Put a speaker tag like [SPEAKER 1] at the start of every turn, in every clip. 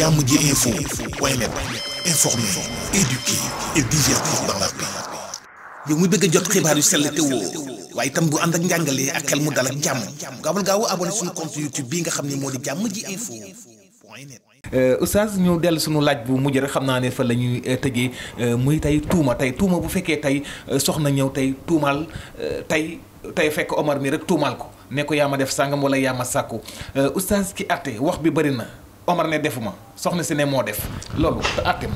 [SPEAKER 1] jàmm ji info point net informer, éduquer et divertir dans la paix. yow mi bëgg a jot xibaar yu sell te woo waaye itam bu ànd ak njàngalee ak xel mu dal ak jàmm gaawal gaaw abonné suñu compte YouTube bi nga xam ne moo di jàmm ji info euh, Oustaz ñu dellu suñu laaj bu mujj rek xam naa ne fa la ñuy euh, euh, muy tey tuuma tey tuuma bu fekkee tey soxna ñëw tey tuumaal tey tey fekk Omar mi rek tuumaal ko ne ko yaa ma def sàngam wala yaa sàkku Oustaz ki àtte wax bi bëri Omar ne defuma
[SPEAKER 2] soxna si ne moo def loolu te àtte ma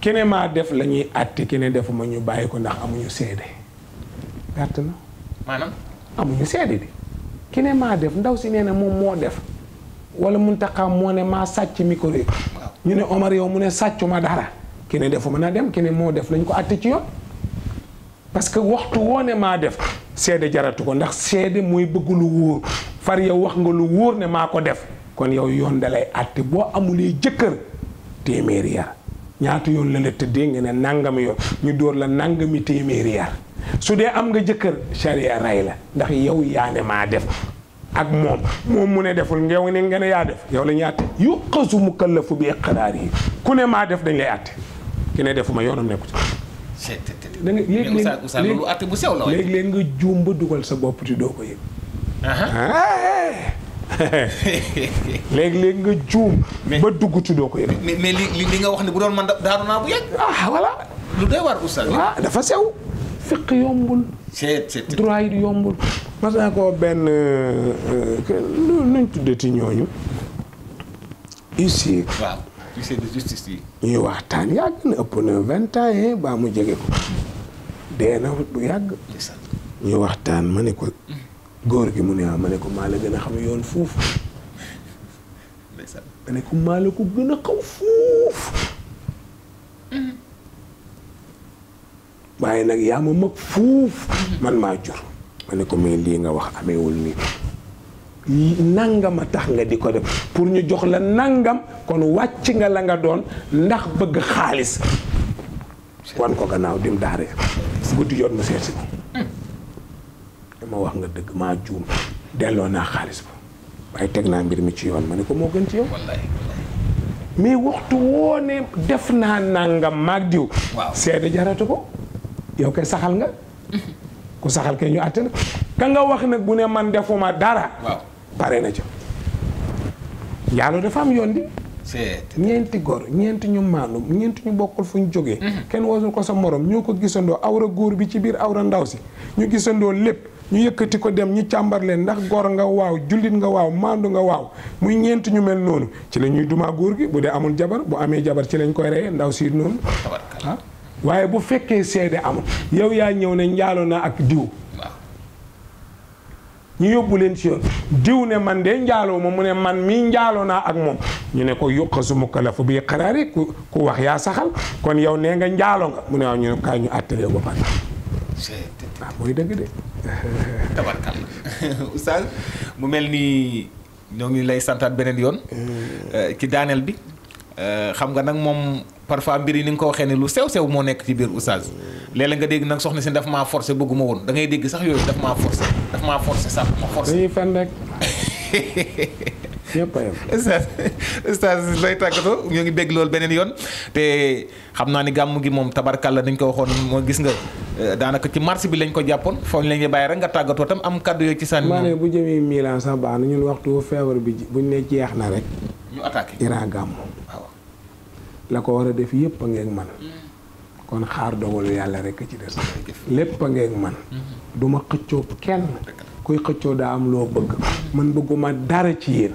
[SPEAKER 2] kene maa def la ñuy àtte kene defuma ñu bàyyi ko ndax amuñu seede perte na maanaam amuñu seede di maa def ndaw si nee na moom moo def wala Mountakha moo ne maa sàcc micro yi ñu ne Omar yow mu ne sàccuma dara kene defuma naa dem kene moo def lañ ko àtte ci yoon parce que waxtu woo ne maa def seede jaratu ko ndax seede mooy bëgg lu wóor far yow wax nga lu wóor ne maa ko def kon yow yoon dalay àtte boo amulee jëkkër téeméeri yar ñaata yoon la la tëddee nga ne nangami yoon ñu dóor la nangami téeméeri yar su dee am nga jëkkër charia rey la ndax yow yaa maa def ak moom moom mu ne deful ngeew ne nga yaa def yow la ñuy àtte yu xasu mukallafu bi iqraar yi ku ne maa def dañ lay àtte ki ne defuma yoonam nekku ci da nga léegi léegi léegi léegi nga juum ba dugal sa bopp ti doo ko yëg uh-huh. ah, léegi-léegi nga juum. ba dugg ci doo ko yëg.
[SPEAKER 1] mais li li nga wax ne bu doon man daanu naa bu yàgg. ah voilà. lu doy waar oustaz.
[SPEAKER 2] ah dafa sew. fiq yombul. c'est droit yi yombul. mas naa ko benn nuñ euh, euh, tuddati ñooñu. huissier. waaw
[SPEAKER 1] huissier de justice yi.
[SPEAKER 2] ñuy waxtaan yàgg na ëpp na vingt ans yi baa mu jege ko. dee na bu yàgg. ñuy waxtaan ma ne ko. Mm. góor gi mu ne ah ma ne ko maa la gën a xam yoon foofu ma ne ko maa ko gën a xaw foofu waaye nag yaa ma mag foofu man maa jur ma ne ko mais lii nga wax ameewul nii nangam a tax nga di ko def pour ñu jox la nangam kon wàcc nga la nga doon ndax bëgg xaalis wan ko gannaaw dim daaree guddi yoon mu seet si waa wax nga dëgg maa juum delloo naa xaalis ba waaye teg naa mbir mi ci yoon ma ne ko moo gën ci yow. wallaay mais waxtu woo ne def naa nangam maag diw. waaw seede jaratu ko yow kay saxal nga. ku saxal kay ñu àtte na ka nga wax nag bu ne man defuma dara. waaw pare na ca. yàlla dafa am yoon di. ñeenti góor ñeenti ñu maandu ñeenti ñu bokkul fu ñu jógee. Mhm. kenn wasul ko sa morom ñoo ko gisandoo awra góor bi ci biir awra ndaw si ñu gisandoo lépp. ñu yëkkati ko dem ñu càmbar leen ndax gor nga waaw jullit nga waaw maandu nga waaw muy ñeent ñu mel noonu ci la ñuy dumaa góor gi bu dee amul jabar bu amee jabar ci lañ koy reyee ndaw si noonu ah waaye bu fekkee seede amul yow yaa ñëw ne njaaloo naa ak diw ñu yóbbu leen ci yoon diw ne man de njaaloo ma mu ne man mii njaaloo naa ak moom ñu ne ko yuqasu mukallafu bii xaraari ku ku wax yaa saxal kon yow nee nga njaaloo nga mu ne waaw ñu ne kaay ñu
[SPEAKER 1] waaw
[SPEAKER 2] ah, mooy dëgg de.
[SPEAKER 1] tabarkal mu mel ni ñoo ngi lay santaat beneen yoon. Mm. Euh, ci daaneel bi. Euh, xam nga nag moom parfois mbir yi ni nga ko waxee ne lu sew sew moo nekk ci biir oustaz mm. léeg nga dégg nag soxna si daf maa forcé bëgguma woon da ngay dégg sax yooyu daf maa forcé daf maa forcé sax ma forcé. dañuy fen rek.
[SPEAKER 2] ñëpp a yem. oustaz
[SPEAKER 1] oustaz lay tàggatoo ñoo ngi bégg loolu beneen yoon te xam naa ni gàmm gi moom tabarkalla dañ ko waxoon moo gis nga eh, daanaka ci marché bi lañ ko jàppoon foofu lañ la bàyyi rek nga tàggatoo tam am kaddu yooyu ci sànni. maa ne
[SPEAKER 2] bu jëmee Milan sax baax na ñun waxtu feebar bi buñ ne jeex na rek. ñu attaqué Iran gàmm. waaw la ko war a def yëpp a ngeeg man. Mm. kon xaar dogalu yàlla rek a ci des. lépp a ngeeg man. Mm-hmm. duma xëccoo kenn. kuy xëccoo daa am loo bëgg. man bëgguma dara ci yéen.